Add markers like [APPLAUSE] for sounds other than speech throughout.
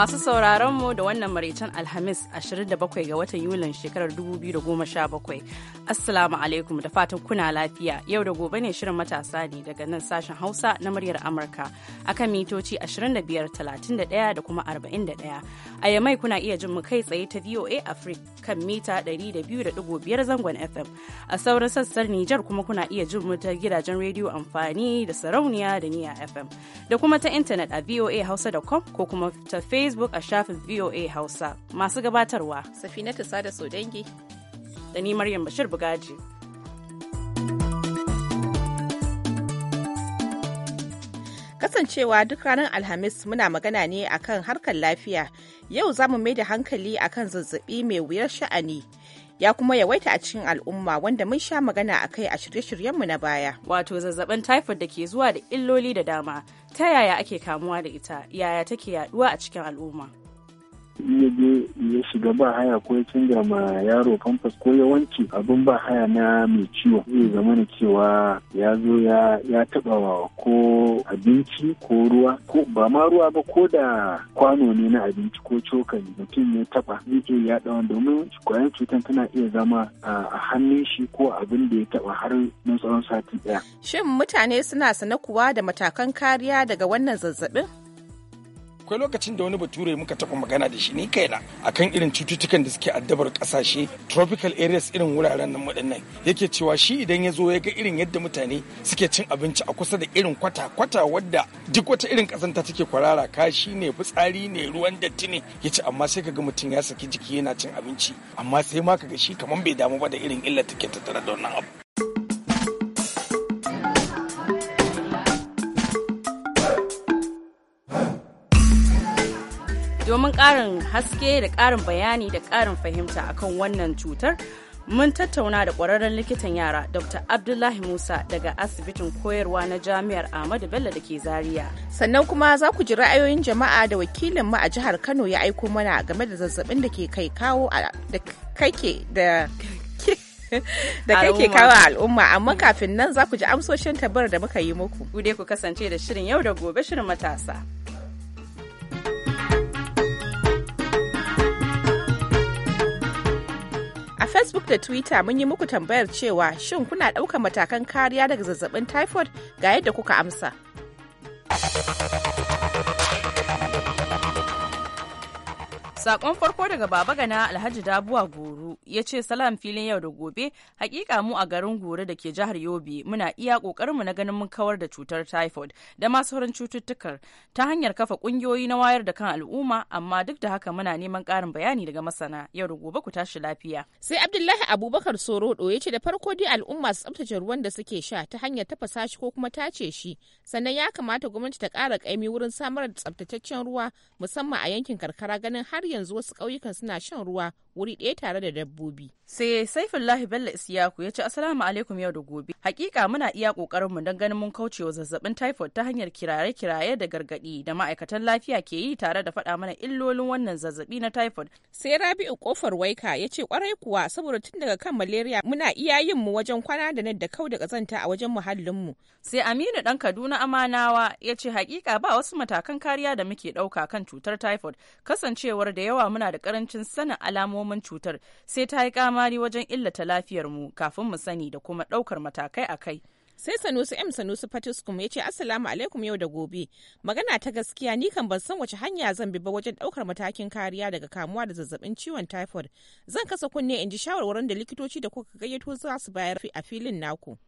Masu sauraron mu da wannan maraicen Alhamis 27 ga watan Yulin shekarar 2017. Assalamu alaikum da fatan kuna lafiya. Yau da gobe ne shirin matasa ne daga nan sashen Hausa na muryar Amurka akan mitoci 25:31 da kuma 41. A yamai kuna iya jin mu kai tsaye ta VOA Africa kan mita 200.5 zangon FM. A sauran sassan Nijar kuma kuna iya jin mu ta gidajen rediyo amfani da sarauniya da niya FM. Da kuma ta intanet a voahausa.com ko kuma ta Facebook facebook a shafin voa hausa masu gabatarwa safinatu sada sodangi da ni maryam bashir bugaji kasancewa duk ranar alhamis muna magana ne akan harkar lafiya yau za mu mai da hankali akan zazzabi mai wuyar sha'ani ya kuma yawaita a cikin al'umma wanda mun sha magana a kai a shirye-shiryenmu na baya. Wato zazzaɓin typhoid da ke zuwa da illoli da dama, ta yaya ake kamuwa da ita, yaya take yaduwa a cikin al'umma. in ya je ya shiga ba haya ko ya canza ma yaro famfas ko yawanci abin ba haya na mai ciwo zai zama na cewa ya zo ya taba wa ko abinci ko ruwa ko ba ma ruwa ba ko da kwano ne na abinci ko cokali mutum ya taba zai ya dawo domin kwayar cutar tana iya zama a hannun shi ko abin da ya taba har na tsawon sati ɗaya. Shin mutane suna sana kuwa da matakan kariya daga wannan zazzabin? akwai lokacin da wani bature muka taɓa magana da shi ni kaina akan irin cututtukan da suke addabar ƙasashe, tropical areas irin wuraren nan waɗannan yake cewa shi idan ya zo ya ga irin yadda mutane suke cin abinci a kusa da irin kwata kwata wadda duk wata irin ta take kwarara kashi ne fitsari ne ruwan datti ne ya ce amma sai kaga mutum ya saki jiki yana cin abinci amma sai ma ka ga shi kamar bai damu ba da irin illa take tattare da wannan abu domin ƙarin haske da ƙarin bayani da ƙarin fahimta akan wannan cutar mun tattauna da ƙwararren likitan yara dr abdullahi musa daga asibitin koyarwa na jami'ar ahmadu bello da ke zaria sannan kuma za ku ji ra'ayoyin jama'a da wakilin mu a jihar kano ya aiko mana game da zazzabin da ke kai kawo da kake da da kake kawo al'umma amma kafin nan za ku ji amsoshin tabar da muka yi muku ku dai ku kasance da shirin yau da gobe shirin matasa facebook da twitter mun yi muku tambayar cewa shin kuna ɗaukar matakan kariya daga zazzabin typhoid ga yadda kuka amsa. Sakon farko daga Baba Gana Alhaji Dabuwa Goro ya ce salam filin yau da gobe hakika mu a garin Goro da ke jihar Yobe muna iya mu na ganin mun kawar da cutar typhoid da masu sauran cututtukar ta hanyar kafa kungiyoyi na wayar da kan al'umma amma duk da haka muna neman karin bayani daga masana yau da gobe ku tashi lafiya. Sai Abdullahi Abubakar Sorodo ya ce da farko dai al'umma su tsabtace ruwan da suke sha ta hanyar tafasa shi ko kuma tace shi sannan ya kamata gwamnati ta kara kaimi wurin samar da tsabtataccen ruwa musamman a yankin karkara ganin har yanzu wasu ƙauyukan suna shan ruwa wuri ɗaya tare da dabbobi. Sai Saifullahi Bello Isiyaku ya ce Assalamu alaikum yau da gobe. Hakika muna iya ƙoƙarin mu don ganin mun kauce wa zazzabin typhoid ta hanyar kiraye-kiraye da gargaɗi da ma'aikatan lafiya ke yi tare da faɗa mana illolin wannan zazzabi na typhoid. Sai Rabi'u Kofar Waika ya ce kwarai kuwa saboda tun daga kan malaria muna iya yin mu wajen kwana da nan da kau da kazanta a wajen muhallinmu. Sai Aminu ɗan Kaduna Amanawa ya ce hakika ba wasu matakan kariya da muke ɗauka kan cutar typhoid kasancewar da da yawa muna da karancin sanin alamomin cutar sai ta yi kamari wajen illata lafiyarmu kafin mu sani da kuma ɗaukar matakai a kai. sai sanusi m sanusi patiskum ya ce assalamu alaikum yau da gobe magana ta gaskiya ni kan ban san wace hanya zan bi ba wajen ɗaukar matakin kariya daga kamuwa da zazzabin ciwon typhoid zan kasa kunne in ji shawarwarin da likitoci da kuka gayyato za su bayar a filin naku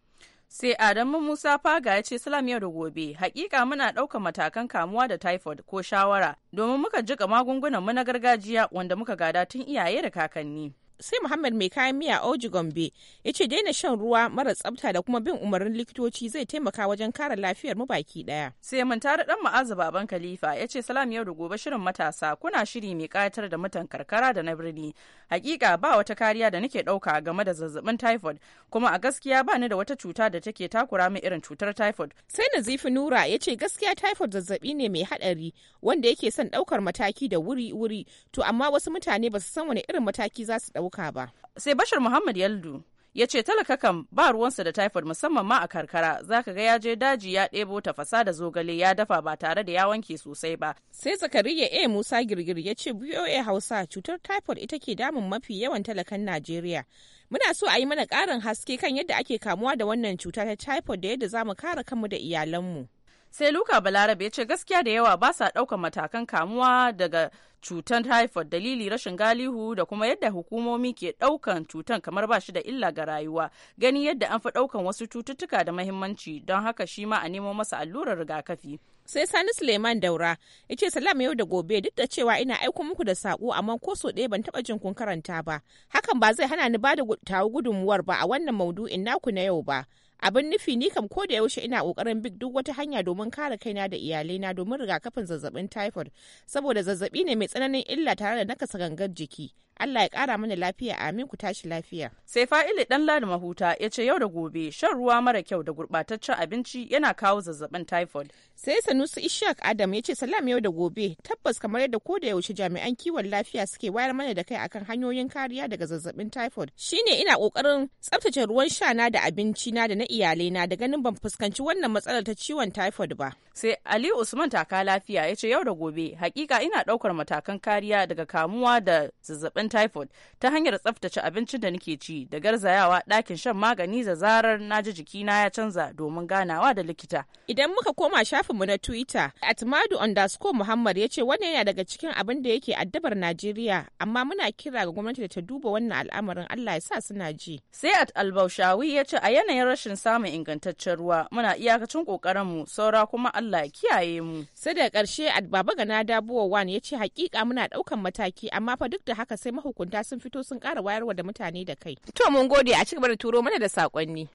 sai adamu musa faga ya ce salam yau da gobe hakika muna ɗaukar matakan kamuwa da typhoid ko shawara domin muka jika magungunan mu na gargajiya wanda muka gada tun iyaye da kakanni sai Muhammad mai kayan miya oji Gombe ya ce daina shan ruwa mara tsabta da kuma bin umarnin likitoci zai taimaka wajen kare lafiyar mu baki daya. Sai mun tare dan ma'azu baban kalifa ya ce salam yau da gobe shirin matasa kuna shiri mai kayatar da mutan karkara da na birni. Hakika ba wata kariya da nake dauka game da zazzabin typhoid kuma a gaskiya ba ni da wata cuta da take takura min irin cutar typhoid. Sai Nazifi Nura ya ce gaskiya typhoid zazzabi ne mai hadari wanda yake son daukar mataki da wuri-wuri to amma wasu mutane ba su san wani irin mataki za su dauka ɗauka ba. Sai bashar Muhammad Yaldu ya ce talaka kan ba ruwansa da typhoid musamman ma a karkara za ka ga ya je daji ya ɗebo tafasa da zogale ya dafa ba tare da ya wanke sosai ba sai zakariya a musa girgir ya ce boa hausa cutar typhoid ita ke damun mafi yawan talakan najeriya muna so a yi mana ƙarin haske kan yadda ake kamuwa da wannan cuta ta typhoid da yadda za mu kare kanmu da iyalanmu sai luka balarabe ya ce gaskiya da yawa ba sa ɗaukar matakan kamuwa daga cutar typhoid dalili rashin galihu da kuma yadda hukumomi ke ɗaukan cutar kamar ba shi da illa ga rayuwa gani yadda an fi ɗaukan wasu cututtuka da mahimmanci don haka shi ma a nemo masa allurar rigakafi sai sani suleiman daura ya ce salam yau da gobe duk da cewa ina aiko muku da sako amma ko so ɗaya ban taɓa jin kun karanta ba hakan ba zai hana ni ba da tawo gudunmuwar ba a wannan maudu'in naku na yau ba abin nufi ni kam ko da yaushe ina kokarin bi duk wata hanya domin kare kaina da iyalai na domin riga kafin zazzabin typhoid saboda zazzabi ne mai tsananin illa tare da nakasa gangar jiki Allah ya ƙara mana lafiya amin ku tashi lafiya. Sai fa'ili dan ladi mahuta ya ce yau da gobe shan ruwa mara kyau da gurɓataccen abinci yana kawo zazzabin typhoid. Sai Sanusi Ishak Adam ya ce salam yau da gobe tabbas kamar yadda ko da yaushe jami'an kiwon lafiya suke wayar mana da kai akan hanyoyin kariya daga zazzabin typhoid. Shine ina kokarin tsaftace ruwan sha na da abinci na da na iyalai na da ganin ban fuskanci wannan matsalar ta ciwon typhoid ba. Sai Ali Usman taka lafiya ya ce yau da gobe hakika ina ɗaukar matakan kariya daga kamuwa da zazzabin zazzabin typhoid ta hanyar tsaftace abincin da nake ci da garzayawa ɗakin shan magani da zarar na ji jikina ya canza domin ganawa da likita. Idan muka koma shafinmu na Twitter, Atmadu underscore Muhammad ya ce wannan yana daga cikin abin da yake addabar Najeriya, amma muna kira ga gwamnati da ta duba wannan al'amarin Allah ya sa suna ji. Sai at Albaushawi ya ce a yanayin rashin samun ingantaccen ruwa muna iyakacin mu saura kuma Allah ya kiyaye mu. Sai da karshe at Baba Gana Dabuwa wani ya ce hakika muna ɗaukan mataki amma fa duk da haka sai sai mahukunta sun fito sun ƙara wayarwa da mutane da kai. To mun gode a cigaba da turo mana da saƙonni.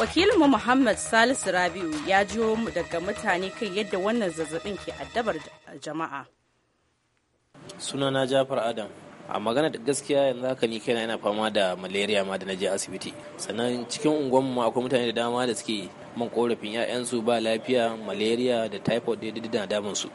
wakilinmu muhammad salisu rabiu ya mu daga mutane kai yadda wannan zazzabin ke addabar jama'a sunana jafar adam a magana da gaskiya yanzu haka ni kaina yana fama da malaria ma da na je asibiti sannan cikin unguwanmu akwai mutane da dama da suke man korafin 'ya'yansu ba lafiya malaria da typhoid da na damun su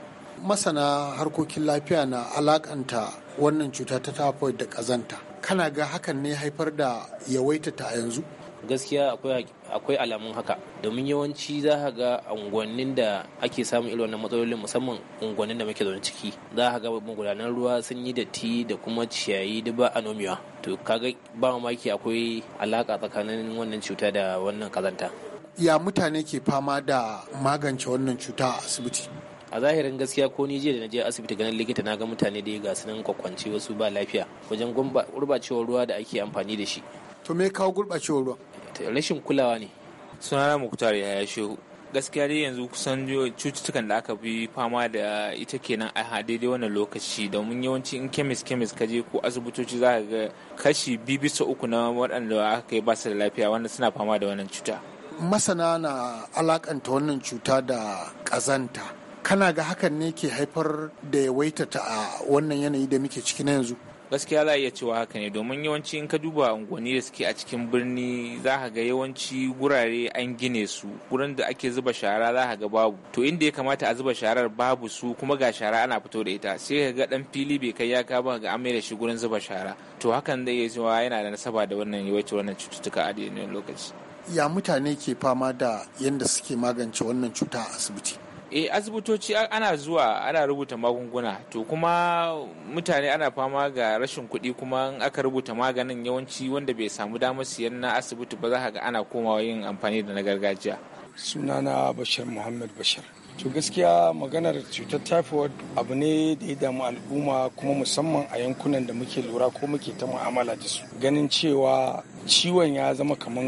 masana harkokin lafiya na alakanta wannan cuta ta typhoid da kazanta kana ga hakan ne haifar da yawaita ta yanzu gaskiya akwai alamun haka domin yawanci za ka ga unguwannin da ake samun irin wannan matsalolin musamman unguwannin da muke zaune ciki za ka ga magudanan ruwa sun yi datti da kuma ciyayi duk ba anomiya to kaga ba mamaki akwai alaka tsakanin wannan cuta da wannan kazanta ya mutane ke fama da magance wannan cuta a asibiti a zahirin gaskiya ko ni jiya da je asibiti ganin likita na ga mutane da ga sunan kwakwance wasu ba lafiya wajen gurbacewar ruwa da ake amfani da shi to me kawo gurbacewar ruwa rashin kulawa ne sunana muktar ya yashe gaskiya dai yanzu kusan cututtukan da aka bi fama da ita kenan a daidai wannan lokaci domin yawanci in kemis kemis ka je ko asibitoci za ka ga kashi biyu bisa uku na waɗanda aka yi ba su da lafiya wanda suna fama da wannan cuta masana na alakanta wannan cuta da kazanta kana ga hakan ne ke haifar da yawaita ta a wannan yanayi da muke ciki na yanzu gaskiya za a iya cewa haka ne domin yawanci in ka duba unguwanni da suke a cikin birni za ka ga yawanci gurare an gine su gurin da ake zuba shara za ka ga babu to inda ya kamata a zuba sharar babu su kuma ga shara ana fito da ita sai ka ga dan fili bai kai ya ka ba ga amai da shi gurin zuba shara to hakan zai iya cewa yana da nasaba da wannan yawaitar wannan cututtuka a lokaci ya mutane ke fama da yadda suke magance wannan cuta a asibiti e asibitoci ana zuwa ana rubuta magunguna to kuma mutane ana fama ga rashin kuɗi kuma in aka rubuta maganin yawanci wanda bai samu damar siyan na asibiti ba za ka ga ana komawa yin amfani da na gargajiya sunana bashir muhammad bashir to gaskiya maganar cutar typhoid abu ne da ya damu al'umma kuma musamman a yankunan da muke lura ko muke ta mu'amala da su ganin cewa ciwon ya zama kamar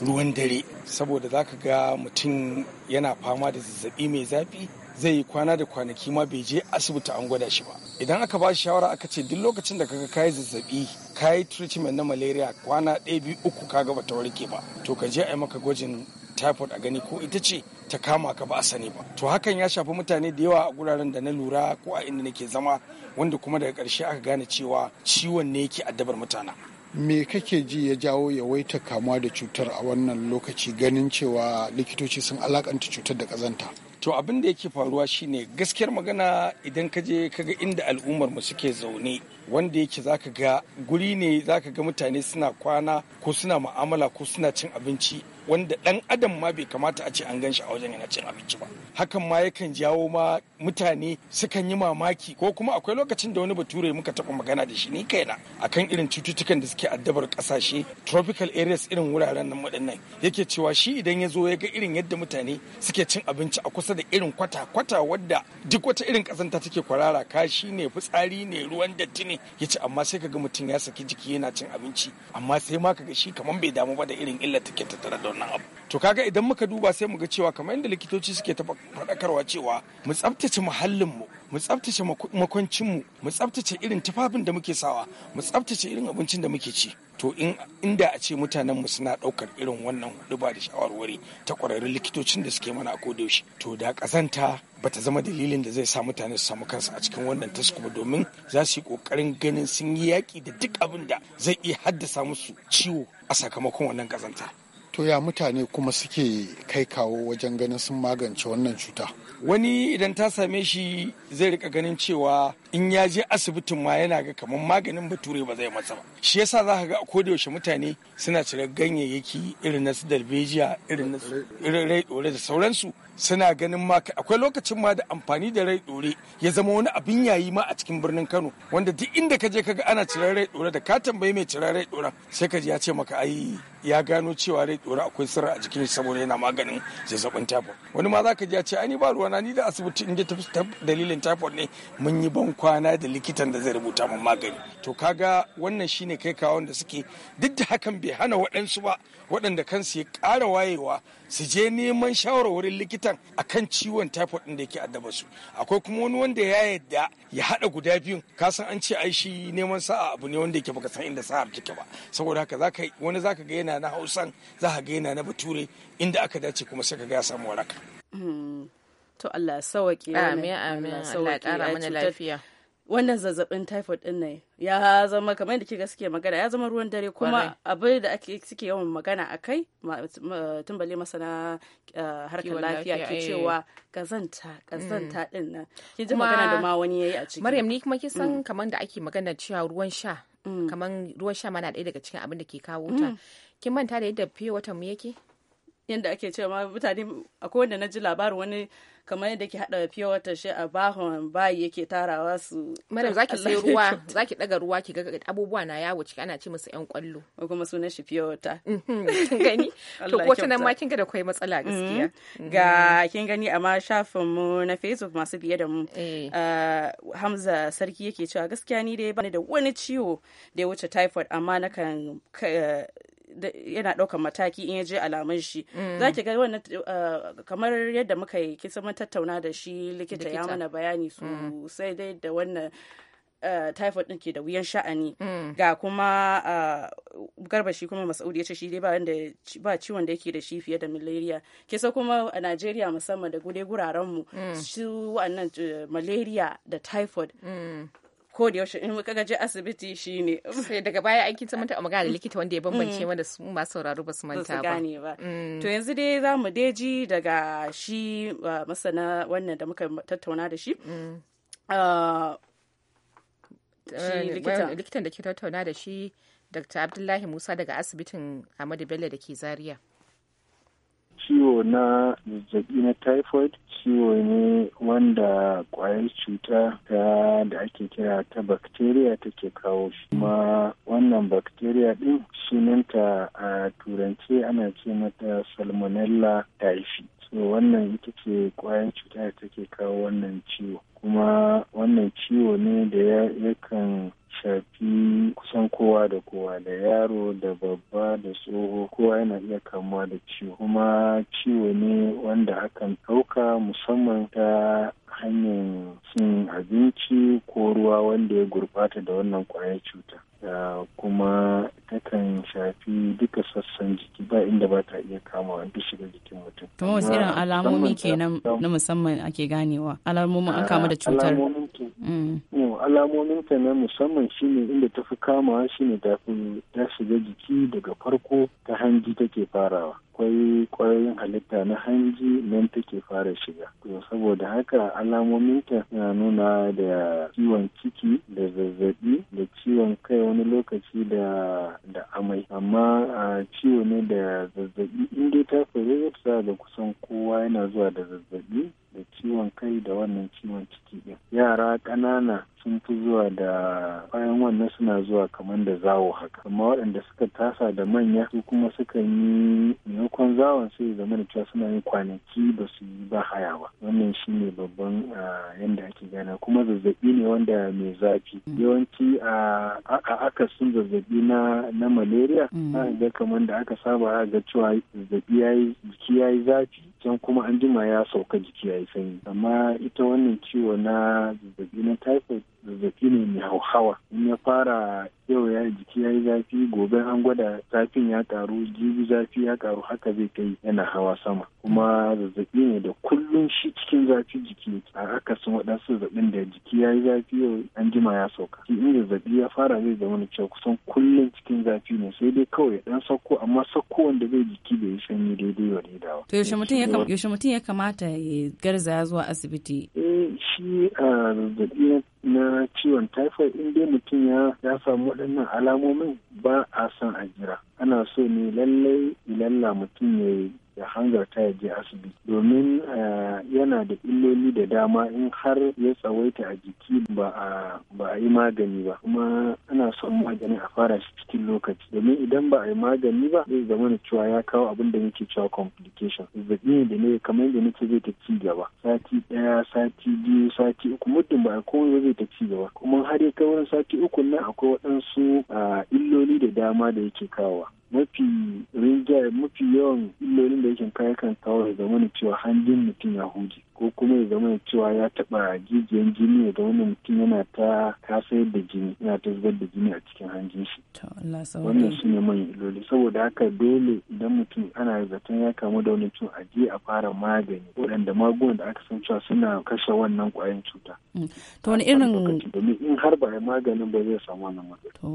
ruwan dare saboda za ka ga mutum yana fama da zazzabi mai zafi zai yi kwana da kwanaki ma bai je asibiti an gwada shi ba idan aka ba shi shawara aka ce duk lokacin da ka kaga kayi zazzabi kayi treatment na malaria kwana ɗaya biyu uku kaga bata warke ba to ka je a yi maka gwajin typhoid a gani ko ita ce ta kama ka ba a sani ba to hakan ya shafi mutane da yawa a guraren da na lura ko a inda nake zama wanda kuma daga karshe aka gane cewa ciwon ne yake addabar mutana me kake ji ya jawo yawaita kamuwa da cutar a wannan lokaci ganin cewa likitoci sun alakanta cutar da kazanta to abin da yake faruwa shine gaskiyar magana idan ka je kaga inda al'ummar mu suke zaune wanda yake zaka ga guri ne zaka ga mutane suna kwana ko suna mu'amala ko suna cin abinci wanda dan adam ma bai kamata a ce an gan shi a wajen yana cin abinci ba hakan ma yakan jawo ma mutane sukan yi mamaki ko kuma akwai lokacin da wani bature muka taɓa magana da shi ni kaina akan irin cututtukan da suke addabar kasashe tropical areas irin wuraren nan waɗannan yake cewa shi idan ya zo ya ga irin yadda mutane suke cin abinci a kusa da irin kwata kwata wadda duk wata irin kasanta take kwarara kashi ne fitsari ne ruwan datti ne ya ce amma sai kaga mutum ya saki jiki yana cin abinci amma sai ma kaga shi kamar bai damu ba da irin illa take tattara da wannan abu to kaga idan muka duba sai mu ga cewa kamar yadda likitoci suke ta faɗakarwa cewa mu tsaftace muhallinmu mu tsaftace makwancinmu mu tsaftace irin tufafin da muke sawa mu tsaftace irin abincin da muke ci to in inda a ce mutanen mu suna ɗaukar irin wannan ba da shawarwari ta ƙwararrun likitocin da suke mana a kodayaushe to da ƙazanta bata zama dalilin da zai sa mutane su samu kansu a cikin wannan taskuma domin za su yi ƙoƙarin ganin sun yi yaƙi da duk abin da zai iya haddasa musu ciwo a sakamakon wannan kazanta. to ya mutane kuma suke kai kawo wajen ganin sun magance wannan cuta wani idan ta same shi zai rika ganin cewa in ya je asibitin ma yana ga kamar maganin bature ba zai masa ba shi yasa za ka ga ko da yaushe mutane suna cire ganyayyaki irin na su darbejiya irin na irin rai dore da sauransu suna ganin ma akwai lokacin ma da amfani da rai dore ya zama wani abin yayi ma a cikin birnin Kano wanda duk inda ka je ka ga ana cire rai dore da ka tambayi mai cire rai dore sai ka ji ya ce maka ai ya gano cewa rai dore akwai sirra a jikin saboda yana maganin zazzabin typhoid wani ma za ka ji ya ce ai ni ba ruwana ni da asibiti in je dalilin typhoid ne mun yi bankwa kwana da likitan da zai rubuta min magani to kaga wannan shine kai kawon da suke duk da hakan bai hana waɗansu ba waɗanda kansu ya ƙara wayewa su je neman shawarwarin likitan akan ciwon typhoid ɗin da yake addaba su akwai kuma wani wanda ya yadda ya haɗa guda biyu ka san an ce ai shi neman sa'a abu ne wanda yake baka san inda sa'ar take ba saboda haka zaka wani zaka ga yana na Hausan zaka ga yana na Bature inda aka dace kuma sai ka ga ya samu waraka hmm. to Allah ya amin amin Allah ya ƙara mana lafiya wannan zazzabin typhoid din nan ya zama kamar da kika suke magana ya zama ruwan dare kuma abin da ake suke yawan magana a kai tumbale masana eh, harkar lafiya ke eh. cewa kazanta kazanta mm. din nan ki ji magana da ma wani yayi a ciki Maryam ni kuma ki san mm. kamar da ake magana cewa ruwan sha mm. kamar ruwan sha ma na daya daga cikin abin da ke kawo ta kin manta da yadda fiye watan mu yake yanda ake cewa mutane akwai wanda na ji labarin wani kamar yadda ke haɗa fiye wata shi a bahon bayi yake tarawa su madam zaki sai ruwa zaki daga ruwa ki ga abubuwa na yawo ciki ana ce musu yan kwallo ko kuma sunan shi fiye wata mhm, kin gani [LAUGHS] to ko tunan ma kin ga da kai matsala gaskiya mhm. Mhm. ga kin gani amma shafin mu na facebook masu biye da mu eh. ah, Hamza sarki yake cewa gaskiya ni dai bani da wani ciwo da ya wuce typhoid amma nakan yana ɗaukar mataki in ya je alamun shi mm. za ki ga wannan uh, kamar yadda muka yi kisa mun tattauna da shi likita ya mana bayani mm. sosai dai da wannan Uh, ɗin ke da wuyan sha'ani mm. ga kuma uh, garba shi kuma masaudi ya ce shi dai ba ciwon da yake da shi fiye da malaria kisa kuma a najeriya musamman da gure guraren mu su wa'annan uh, malaria da typhoid ko da yaushe in ka je asibiti shine sai eh, daga baya an kita manta magana da mm. likita wanda ya bambance wanda mm. su masu sauraro ba su manta ba mm. to yanzu dai za mu deji daga shi masana wannan da muka tattauna da shi ah, eh, likitan da ke tattauna da shi dr abdullahi musa daga asibitin ahmadu bello da ke zaria ciwo na zazzabi na typhoid ciwo ne wanda kwayar cuta ta da ake kira ta bacteria take kawo shi kuma wannan bacteria din sunanta a turance ana ce mata salmonella typhi so wannan ita ce kwayar cuta da take kawo wannan ciwo kuma wannan ciwo ne da ya yakan shafi kusan kowa da kowa da yaro da babba da tsoho kowa yana iya kamuwa da ciwo kuma ciwo ne wanda hakan ɗauka musamman ta hanyar cin abinci ko ruwa wanda ya gurbata da wannan kwayar cuta kuma takan shafi duka sassan jiki ba inda ba ta iya kama duk shiga jikin mutum. To wasu irin alamomi kenan na musamman ake ganewa alamomin an kama da cutar. alamominta na musamman shine inda ta fi kamawa shine ta ta shiga jiki daga farko ta hanji take farawa akwai ƙwayoyin halitta na hanji nan take fara shiga to saboda haka alamominta na nuna da ciwon ciki da zazzabi da ciwon kai wani lokaci da da amai amma a ciwo ne da zazzabi in dai ta faru da kusan kowa yana zuwa da zazzabi da ciwon kai da wannan ciwon ciki ɗin yara ƙanana sun fi zuwa da bayan wannan suna zuwa kamar da zawo haka amma waɗanda suka tasa da manya su kuma suka yi maimakon zawon sai zama da cewa suna yin kwanaki ba su yi ba haya ba wannan shi ne babban yadda ake gana kuma zazzaɓi ne wanda mai zafi mm. yawanci a sun zazzabi na na malaria mm. a ga kamar da aka saba ga cewa zazzaɓi ya yi jiki ya yi zafi can kuma an jima ya sauka jiki ya yi sanyi amma ita wannan ciwo na zazzabi na typhoid zazzaki ne mai hauhawa in ya fara yau ya jiki ya yi zafi gobe an gwada zafin ya karu jibi zafi ya karu haka zai kai yana hawa sama kuma zazzaki ne da kullum shi cikin zafi jiki a akasin waɗansu zazzabin da jiki ya yi zafi yau an jima ya sauka shi in zazzabi ya fara zai zama na cewa kusan kullum cikin zafi ne sai dai kawai dan sauko amma sauko wanda zai jiki da ya sanyi daidai wa daidawa. to yaushe mutum ya kamata ya garza zuwa asibiti. eh shi ah, zazzaɓi. na ciwon typhoid in dai mutum ya ya samu waɗannan alamomin ba a son a jira ana so ne lallai ilalla mutum ya ya hanzarta ya je asibiti domin eh, yana da illoli da dama in har ya tsawaita a jiki ba a yi magani ba kuma ana son magani a fara shi cikin lokaci domin idan ba a yi magani ba zai zama da cewa ya kawo abin da muke cewa complication zazzabi ne da ne kamar yadda nake zai ta ci gaba sati ɗaya sati biyu sati uku muddin ba a komai ba zai ta ci gaba kuma har ya kai wurin sati uku nan akwai waɗansu ah, illoli da dama da yake kawo mafi mafi yawan illolin wanda yake kai kan kawo ya zama cewa hanjin mutum ya huje ko kuma ya zama cewa ya taɓa jijiyan jini da wani mutum yana ta kasayar da jini yana ta zubar da jini a cikin hanjin shi wannan su ne manyan iloli saboda haka dole idan mutum ana zaton ya kamu da wani cuta a je a fara magani waɗanda magungunan da aka san cewa suna kashe wannan ƙwayan cuta mm. to wani irin domin in har ba maganin ba zai samu wannan to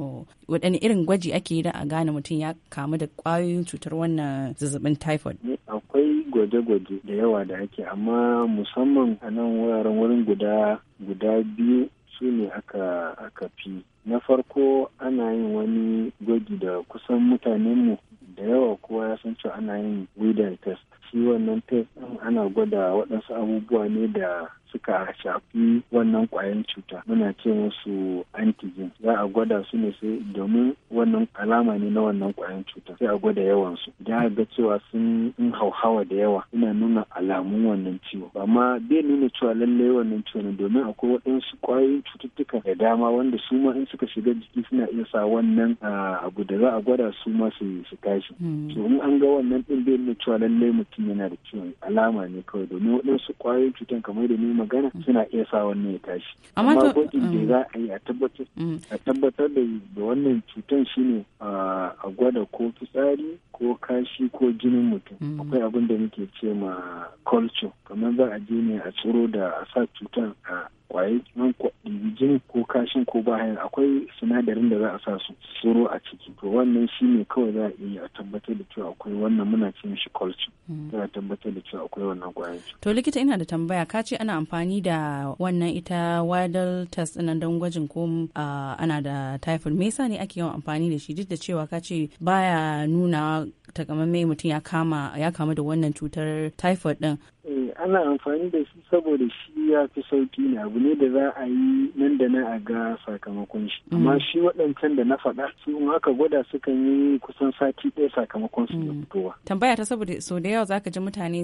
waɗanne irin gwaji ake yi da a gane mutum ya kamu da ƙwayoyin cutar wannan zazzabin typhoid akwai gwaje-gwaje da yawa da ake amma musamman a nan wuraren wurin guda guda biyu su ne aka aka fi na farko ana yin wani gwaji da kusan mutanenmu da yawa kowa ya san cewa ana yin wider test shi wannan test ana gwada waɗansu abubuwa ne da suka shafi wannan kwayan cuta muna ce musu antigen za a gwada su ne sai domin wannan alama ne na wannan kwayan cuta sai a gwada yawan su da ga cewa sun hauhawa da yawa ina nuna alamun wannan ciwo amma bai nuna cewa lallai wannan ciwo ne domin akwai waɗansu kwayoyin cututtuka da dama wanda su ma in suka shiga jiki suna iya sa wannan abu da za a gwada su ma su tashi hmm. to in an ga wannan din bai nuna cewa lallai mutum yana da ciwon alama ne kawai domin waɗansu kwayoyin cutan kamar da ni magana mm. suna iya sa wannan ya tashi amma gwajin da mm. za a yi a tabbatar mm. da wannan cutan shine a gwada ko fitsari ko kashi ko jinin mutum akwai abin da muke ce ma culture kamar za a je ne a tsiro da a sa cutar a kwaye kashin ko bayan akwai sinadarin da za a sa su tsoro a ciki to wannan shi ne kawai za a iya a tabbatar da cewa akwai wannan muna ce mishi culture hmm. za a tabbatar da cewa akwai wannan kwayan to likita ina da tambaya ka ce ana amfani da wannan ita wadal test ɗin don gwajin ko ana da typhoid me yasa ne ake yawan amfani da shi duk da cewa ka ce baya nuna takamaimai mutum ya kama da wannan cutar typhoid ɗin. ana amfani da shi saboda shi ya fi sauki ne abu ne da za a yi nan da nan a ga sakamakon shi amma mm. shi waɗancan da na faɗa su in aka gwada sukan yi kusan sati ɗaya sakamakon su da mm. fitowa tambaya ta saboda sau da yawa zaka ji mutane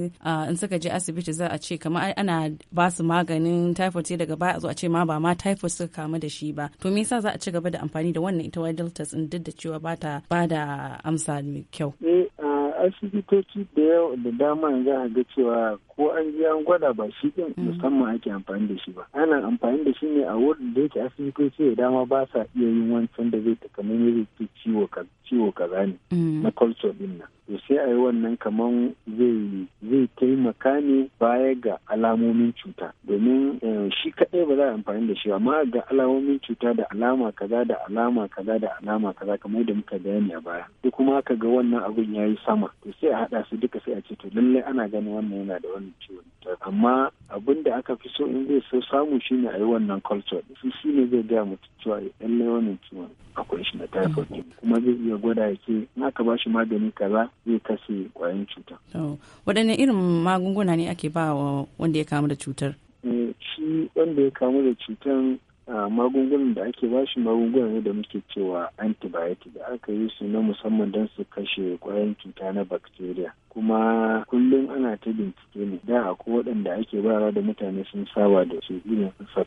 in suka je asibiti za a ce kamar ana ba su maganin typhoid sai daga baya a zo a ce ma ba ma typhoid suka kamu da shi ba to me yasa za a ci gaba da amfani da wannan ita deltas din duk da cewa ba ta ba da amsa mai kyau eh, asibitoci da da dama za a ga cewa ko an ji an gwada ba shi din mm. musamman ake amfani da shi ba ana amfani da shi ne a wurin da yake asibitoci da dama ba sa iya yin wancan da zai takamaimai zai ciwo kaza ne mm. na culture din nan to sai a yi wannan kamar zai taimaka ne baya ga alamomin cuta domin eh, shi kaɗai ba za a amfani da shi amma ga alamomin cuta da alama kaza da alama kaza da alama kaza kamar da muka bayani a baya duk kuma ka ga wannan abun ya yi sama to sai a haɗa su duka sai a ce to lallai ana ganin wannan yana da wannan ciwon amma abin da aka fi so in zai so samu shi ne a yi wannan culture su shi ne zai gaya mutum cewa eh, lallai wannan ciwon akwai shi na typhoid kuma zai iya gwada ya ce na ka ba shi magani kaza zai kashe kwayan cuta. waɗanne irin magunguna ne ake ba wa wanda ya kamu da cutar? Eh, shi wanda ya kamu da cutar magungunan da ake ba shi magunguna ne da muke cewa antibiotic da aka yi su na musamman don su kashe kwayan cuta na bacteria kuma kullum ana ta bincike ne da akwai waɗanda ake ba da mutane sun saba da su irin su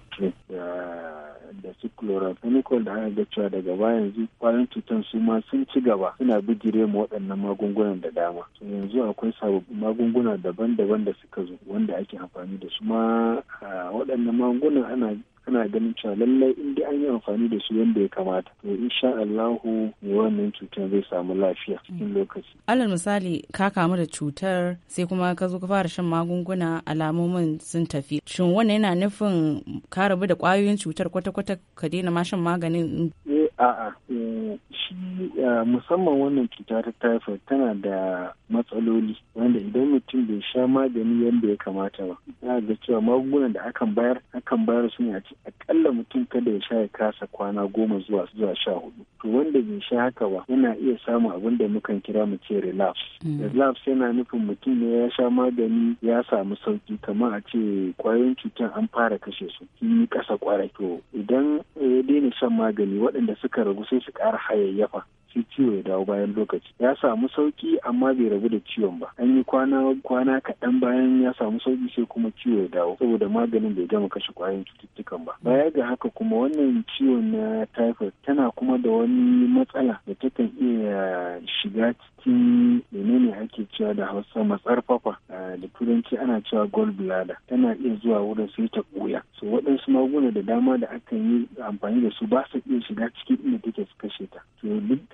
da su chloramphenicol da ana ga cewa daga baya yanzu kwayan cutan su ma sun ci gaba suna bijire mu waɗannan magungunan da dama to yanzu akwai sababbin magunguna daban-daban da suka zo wanda ake amfani da su ma ah, waɗannan magungunan ana suna ganin cewa lallai in dai an yi amfani da su yadda ya kamata to insha Allahu wannan cutar zai samu lafiya cikin mm. lokaci. Alal misali ka kamu da cutar sai kuma ka zo ka fara shan magunguna alamomin sun tafi. Shin wannan yana nufin ka rabu da kwayoyin cutar kwata-kwata ka daina ma shan maganin? Eh, A'a, eh, shi eh, musamman wannan cuta ta typhoid tana da matsaloli wanda idan mutum bai sha magani yadda ya kamata ba. Za ga cewa magungunan da akan bayar, akan bayar su ne a akalla mutum kada ya sha ya kasa kwana goma zuwa zuwa sha hudu. to wanda bai sha haka ba yana iya samun abin da mukan kira mu ce relapse mm. relapse yana nufin mutum ne ya sha magani ya samu sauki kamar a ce kwayoyin cutar an fara kashe su sun yi kasa kwarai to idan ya daina shan magani waɗanda suka ragu sai su ƙara hayayyafa sai ciwo ya dawo bayan lokaci ya samu sauki amma bai rabu da ciwon ba an yi kwana kwana kaɗan bayan ya samu sauki sai kuma ciwo ya dawo saboda maganin bai gama kashe kwayoyin cututtukan ba baya ga haka kuma wannan ciwon na typhoid tana kuma da wani matsala da takan iya shiga cikin menene ake cewa da hausa matsarfafa da turanci ana cewa gold bladder tana iya zuwa wurin sai ta ɓuya so waɗansu magunguna da dama da aka yi amfani da su ba su iya shiga cikin inda take su kashe ta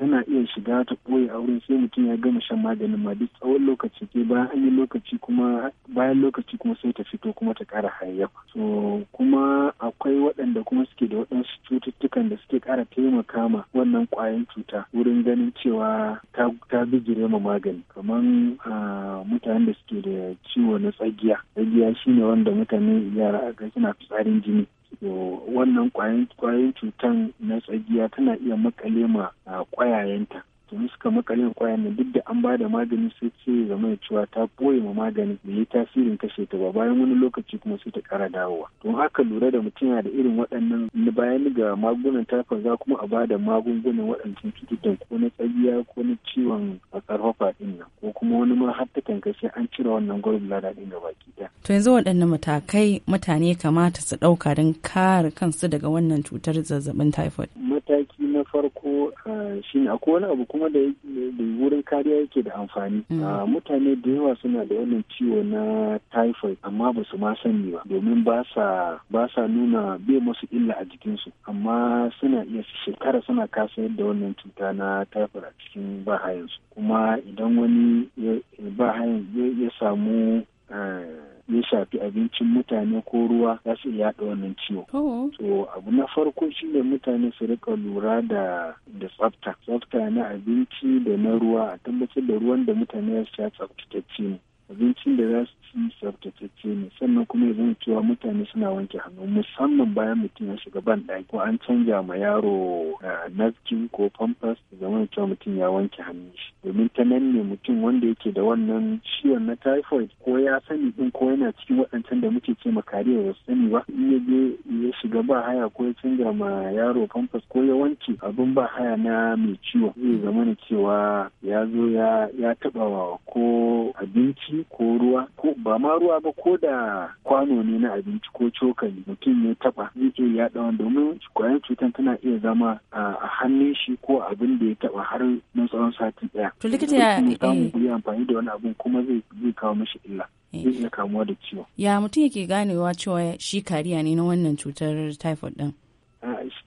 tana iya shiga ta ɓoye aure sai mutum ya gama shan maganin ma duk tsawon lokaci sai bayan an yi lokaci kuma bayan lokaci kuma sai ta fito kuma ta ƙara hayayyafa so kuma akwai waɗanda kuma suke da waɗansu cututtukan da suke ƙara taimaka ma wannan ƙwayan cuta wurin ganin cewa ta bijire ma magani kamar mutanen da suke da ciwo na tsagiya tsagiya shine wanda mutane yara a suna fitsarin jini wannan kwayoyin cutan na tsagiya tana iya makale ma kwayayenta ah, to suka makalin kwayan nan duk da an ba da magani sai ce zama cewa ta boye ma magani da yi tasirin kashe ta ba bayan wani lokaci kuma sai ta kara dawowa to haka lura da mutum yana da irin waɗannan bayan ga magungunan typhoid za kuma a ba da magungunan waɗancan cututtukan ko na tsagiya ko na ciwon ƙarfafa ɗin nan ko kuma wani ma har ta kashe an cire wannan gurbin lada ɗin gaba ɗaya. to yanzu waɗanne matakai mutane kamata su ɗauka don kare kansu daga wannan cutar zazzabin typhoid. mataki na farko shi ne akwai wani abu kuma da wurin kariya yake da amfani mm. mutane da yawa suna da wannan ciwo na typhoid amma ba su ma sani ba domin ba sa nuna bai masu illa a jikinsu amma suna iya shekara suna kasa yadda wannan cuta na typhoid a cikin bahayansu kuma idan wani bahayan ya samu ya shafi abincin mutane ko ruwa za su iya yaɗa wannan ciwo. to oh, oh. abu na farko shi ne mutane su rika lura da da tsafta. Tsafta na abinci da na ruwa a tabbatar da ruwan da mutane za su sha tsaftatacce ne. Abincin da za su shi tsaftatacce ne sannan kuma zan cewa mutane suna wanke hannu musamman bayan mutum ya shiga ban ko an canja ma yaro eh, nafkin ko pampas zaman cewa mutum ya wanke hannu. shi domin ta nan ne mutum wanda yake da wannan ciwon na typhoid ko ya sani din ko yana cikin waɗancan da muke ce ma kariya ya sani ba in ya je ya shiga ba haya ko ya canja ma yaro pampas ko ya wanke abin ba haya na mai ciwo zai zama cewa ya zo ya taɓa ko abinci ko ruwa ko ba ma ruwa ba ko da kwano ne na abinci ko cokali mutum ya taba zai iya yaɗa domin kwayan cutan tana iya zama a hannun shi ko abin da ya taba har na tsawon sati ɗaya. To likita ya eh. yi amfani da wani abin kuma zai kawo mashi illa. Zai eh. iya kamuwa da ciwo. Ya mutum yake ganewa cewa shi kariya ne na wannan cutar typhoid ɗin.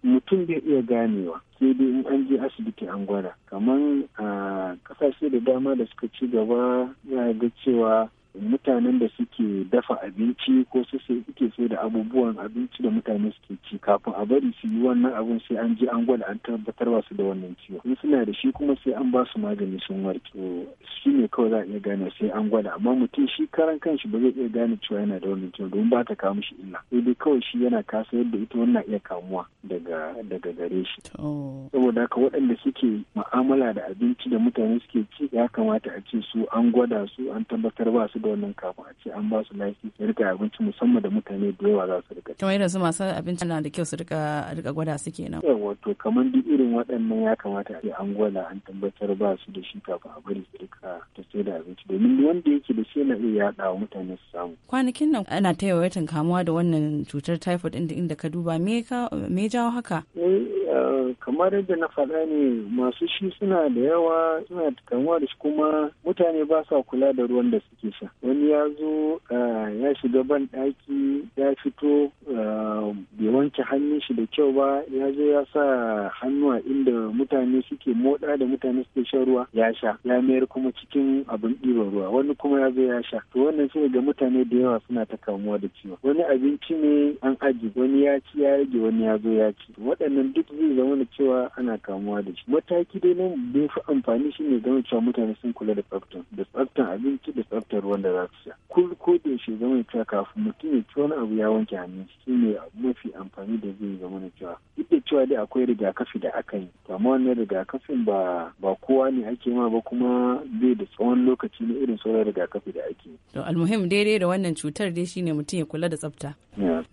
mutum bai iya ganewa sai dai in an je asibiti an gwada kamar a kasashe da dama da suka ci gaba ya ga cewa mutanen da suke dafa abinci ko su suke sai da abubuwan abinci da mutane suke ci kafin a bari su yi wannan abin sai an je an gwada an tabbatar ba su da wannan ciwo in suna da shi kuma sai an ba su magani sun warke shi ne kawai za a iya gane sai an gwada amma mutum shi karan kanshi ba zai iya gane cewa yana da wannan ciwo domin ba ta kawo mishi illa sai dai kawai shi yana kasa yadda ita wannan iya kamuwa daga daga gare shi saboda haka waɗanda suke ma'amala da abinci da mutane suke ci ya kamata a ce su an gwada su an tabbatar ba su su da wannan kafin a ce an ba su laifin rika abinci musamman da mutane da yawa za su rika. Kamar yadda su masu abinci na da kyau su rika rika gwada su kenan. Yawa to kamar duk irin waɗannan ya kamata a yi an gwada an tabbatar ba su da shi kafin a bari su rika ta sai da abinci domin wanda yake da shi na iya yaɗa wa mutane su samu. Kwanakin nan ana ta yawaitan kamuwa da wannan cutar typhoid inda ka duba me ya jawo haka? Eh, Eh, kamar yadda na faɗa ne masu shi suna da yawa suna kamuwa da shi kuma mutane ba sa kula da ruwan da suke sha wani ya zo eh, ya shiga ban ɗaki ya fito eh, bai wanke hannun shi da kyau ba ya zo ya sa hannu a inda mutane suke moɗa da mutane suke shan ruwa ya sha ya mayar kuma cikin abin ɗiban ruwa wani kuma ya zo ya sha to wannan shi ga mutane da yawa suna ta kamuwa da ciwon wani abinci ne an aji wani ya ci ya rage wani ya zo ya ci waɗannan duk zai zama da cewa ana kamuwa da shi mataki dai nan da fi amfani shine zama cewa mutane sun kula da tsaftan da tsaftan abinci da tsaftar ruwan da za su sha kul ko da shi zama cewa kafin mutum ya ci wani abu ya wanke hannu shi shine mafi amfani da zai zama da cewa duk da cewa dai akwai rigakafi da aka yi to amma wannan rigakafin ba ba kowa ne ake ma ba kuma bai da tsawon lokaci na irin sauran rigakafi da ake yi. to almuhim daidai da wannan cutar dai shine mutum ya kula da tsafta.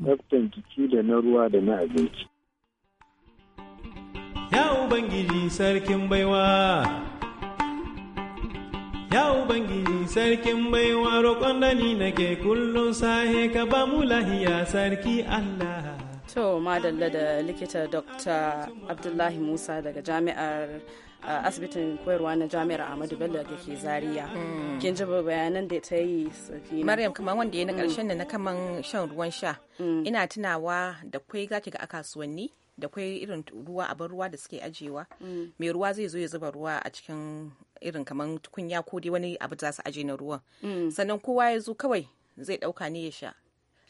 tsaftan jiki da na ruwa da na abinci. Ya Ubangiji sarkin baiwa, Ya Ubangiji sarkin baiwa roƙon da nake kullum sahe ka ba mu lahiya sarki Allah. To, madalla da likita Dr. Abdullahi Musa daga jami'ar Uh, asibitin koyarwa na jami'ar ahmadu bello da ke zaria hmm. kin ji bayanan da ta yi maryam kamar wanda ya na karshen hmm. da na kaman shan ruwan sha hmm. ina tunawa da kwai gaci ga a kasuwanni da kwai irin ruwa a bar ruwa da suke ajiyewa mm. mai ruwa zai zo ya zuba ruwa a cikin irin kamar tukunya ko dai wani abu za su aje na ruwan mm. sannan kowa ya zo kawai zai dauka ne ya sha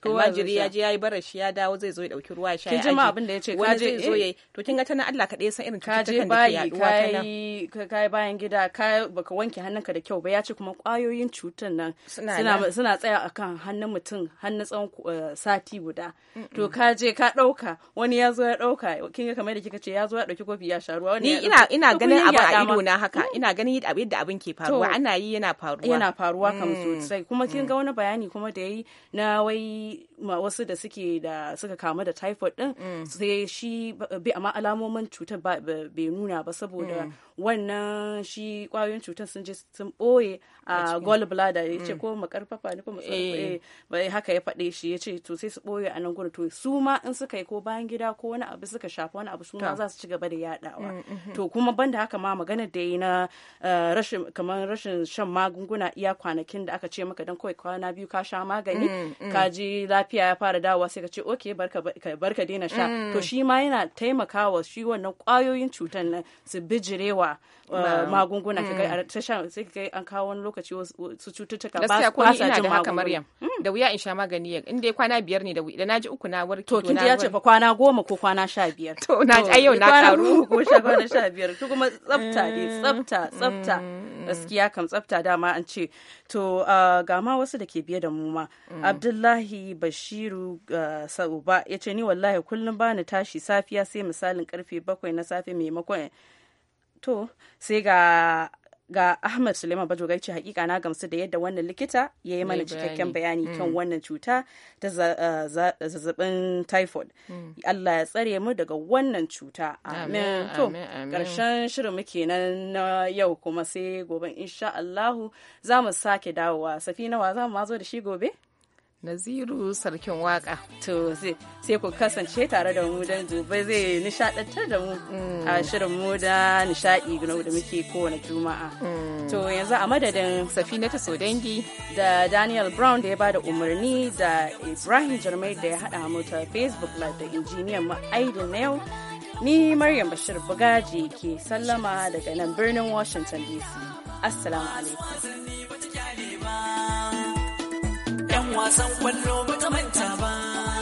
almajiri ya je ya yi barashi ya dawo zai zo ya dauki ruwa ya sha ya aji abin da ya ce ka je zo eh. yayi to kin ga tana Allah kaɗai san irin cututtukan da ke yaduwa ta nan ka yi bayan gida ka baka wanke hannunka da kyau ba ya ce kuma kwayoyin cutar nan suna suna tsaya akan hannun mutum hannun tsawon eh, sati guda to ka je ka dauka wani ya zo ya dauka kin ga kamar da kika ce ya zo ya dauki kofi ya sha ruwa Ni ina ina ganin abu a ido na haka mm. ina ganin yadda abin ke faruwa ana yi yana faruwa yana faruwa kam mm. sosai kuma kin ga mm. wani bayani kuma da yayi na wai wasu da suke da suka kamu da typhoid din mm. sai shi bai amma alamomin cutar ba bai nuna ba saboda mm. wannan shi kwayoyin cutar sun je sun ɓoye a gallbladder ya ce mm. ko makarfafa ne ko makarfafa eh. eh, haka ya faɗe shi ya ce to sai su ɓoye a nan gudu to su ma in suka yi ko bayan gida ko wani abu suka shafa wani abu su ma za su ci gaba da yaɗawa mm, mm-hmm. to kuma banda haka ma magana da yi na eh, rashin kamar rashin shan magunguna iya kwanakin da aka ce maka dan kawai kwana biyu ka sha magani mm, ka ji lafiya ya fara dawowa sai ka ce okay barka daina sha to shi ma yana taimakawa shi wannan kwayoyin cutar nan su bijirewa wa magunguna mm. sai ka kai an kawo wani lokaci su cututtuka ba su kwasa jin magunguna mm. da wuya in sha magani ya inda ya kwana biyar ne da wuya da ji uku na warke to kin ya ce fa kwana goma ko kwana sha biyar to na ji yau na karu ko sha kwana sha biyar to kuma tsafta ne mm. tsafta tsafta gaskiya kam tsafta dama an ce to ah, ga ma wasu da ke biye da mu ma abdullahi bashiru ah, sauba ya ce ni wallahi kullum bani tashi safiya sai misalin karfe bakwai na safe maimakon to sai ga ga Ahmad Suleiman Bajogai hakika na gamsu da yadda wannan likita ya yi mana cikakken bayani kan mm. wannan cuta ta uh, zazzabin typhoid. Mm. Allah ya tsare mu daga wannan cuta. Amin. To, karshen shirin muke nan na yau kuma sai gobe insha Allahu za mu sake dawowa. nawa za mu mazo da shi gobe? Naziru sarkin waka. To sai ku kasance tare da mu don dubai zai nishadantar da mu a mm. shirin mu da nishadi da muke kowane juma'a. Mm. To yanzu a madadin Safina ta Sodangi da Daniel Brown da ya bada umarni da Ibrahim Jarmai da ya haɗa mota Facebook Live da injiniyan mu na yau. Ni Maryam Bashir Bugaji ke sallama daga nan birnin Washington DC. Assalamu alaikum. wasan kwallo ba ta manta ba